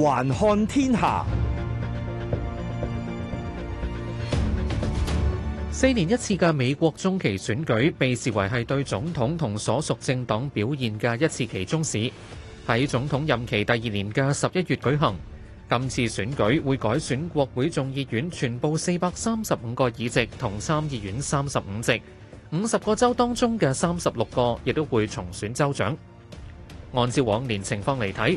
環看天下。四年一次嘅美國中期選舉被視為係對總統同所屬政黨表現嘅一次期中試，喺總統任期第二年嘅十一月舉行。今次選舉會改選國會眾議院全部四百三十五個議席同參議院三十五席。五十個州當中嘅三十六個亦都會重選州長。按照往年情況嚟睇，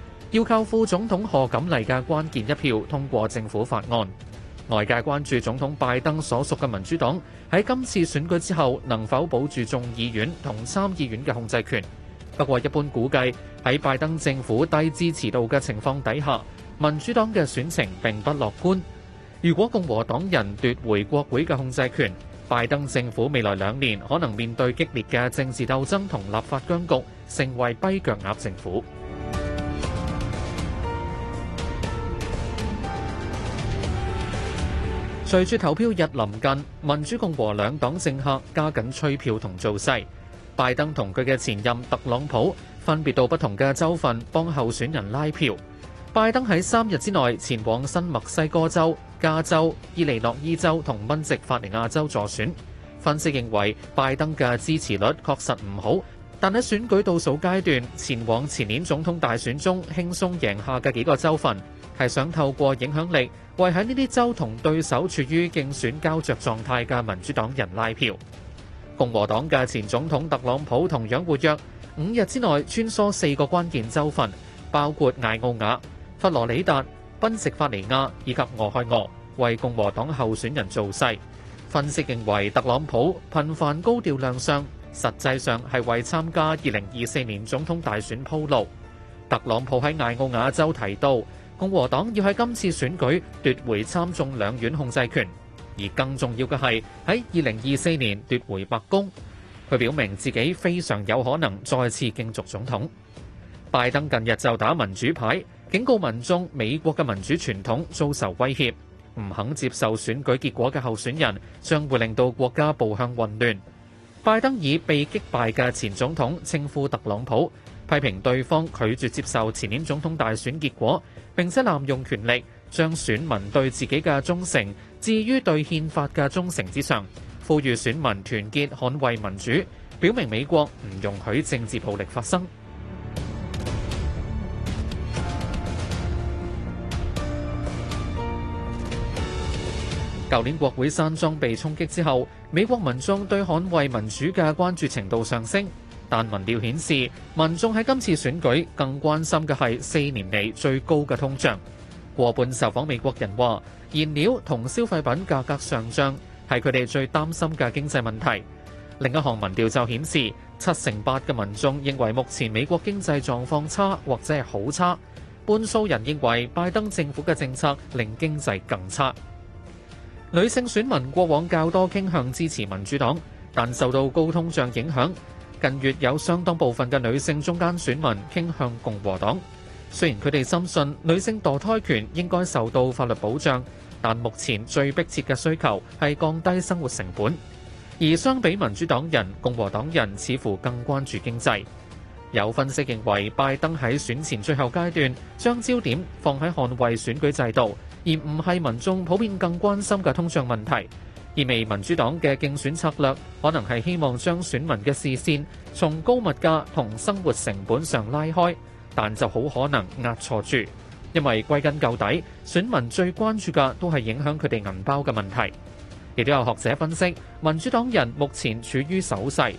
要靠副總統賀錦麗嘅關鍵一票通過政府法案。外界關注總統拜登所屬嘅民主黨喺今次選舉之後能否保住衆議院同參議院嘅控制權。不過一般估計喺拜登政府低支持度嘅情況底下，民主黨嘅選情並不樂觀。如果共和黨人奪回國會嘅控制權，拜登政府未來兩年可能面對激烈嘅政治鬥爭同立法僵局，成為跛腳鴨政府。隨住投票日臨近，民主共和兩黨政客加緊催票同造勢。拜登同佢嘅前任特朗普分別到不同嘅州份幫候選人拉票。拜登喺三日之內前往新墨西哥州、加州、伊利諾伊州同賓夕法尼亞州助選。分析認為，拜登嘅支持率確實唔好。但喺選舉倒數階段，前往前年總統大選中輕鬆贏下嘅幾個州份，係想透過影響力，為喺呢啲州同對手處於競選膠着狀態嘅民主黨人拉票。共和黨嘅前總統特朗普同樣活躍，五日之內穿梭四個關鍵州份，包括艾奧瓦、佛羅里達、賓夕法尼亞以及俄亥俄，為共和黨候選人造勢。分析認為，特朗普頻繁高調亮相。實際上係為參加二零二四年總統大選鋪路。特朗普喺艾奧瓦州提到，共和黨要喺今次選舉奪回參眾兩院控制權，而更重要嘅係喺二零二四年奪回白宮。佢表明自己非常有可能再次競逐總統。拜登近日就打民主牌，警告民眾美國嘅民主傳統遭受威脅，唔肯接受選舉結果嘅候選人將會令到國家步向混亂。拜登以被擊敗嘅前總統稱呼特朗普，批評對方拒絕接受前年總統大選結果，並且濫用權力將選民對自己嘅忠誠置於對憲法嘅忠誠之上，呼籲選民團結捍衛民主，表明美國唔容許政治暴力發生。舊年國會山莊被衝擊之後，美國民眾對捍衛民主嘅關注程度上升，但民調顯示民眾喺今次選舉更關心嘅係四年嚟最高嘅通脹。過半受訪美國人話，燃料同消費品價格上漲係佢哋最擔心嘅經濟問題。另一項民調就顯示，七成八嘅民眾認為目前美國經濟狀況差或者係好差，半數人認為拜登政府嘅政策令經濟更差。女性選民過往較多傾向支持民主黨，但受到高通脹影響，近月有相當部分嘅女性中間選民傾向共和黨。雖然佢哋深信女性墮胎權應該受到法律保障，但目前最迫切嘅需求係降低生活成本。而相比民主黨人，共和黨人似乎更關注經濟。有分析認為，拜登喺選前最後階段將焦點放喺捍衛選舉制度，而唔係民眾普遍更關心嘅通脹問題，意味民主黨嘅競選策略可能係希望將選民嘅視線從高物價同生活成本上拉開，但就好可能押錯注，因為歸根究底，選民最關注嘅都係影響佢哋銀包嘅問題，亦都有學者分析，民主黨人目前處於守勢，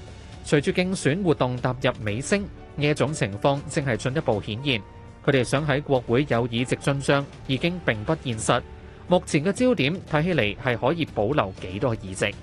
隨住競選活動踏入尾聲呢一種情況正係進一步顯現。佢哋想喺國會有議席進帳已經並不現實。目前嘅焦點睇起嚟係可以保留幾多議席。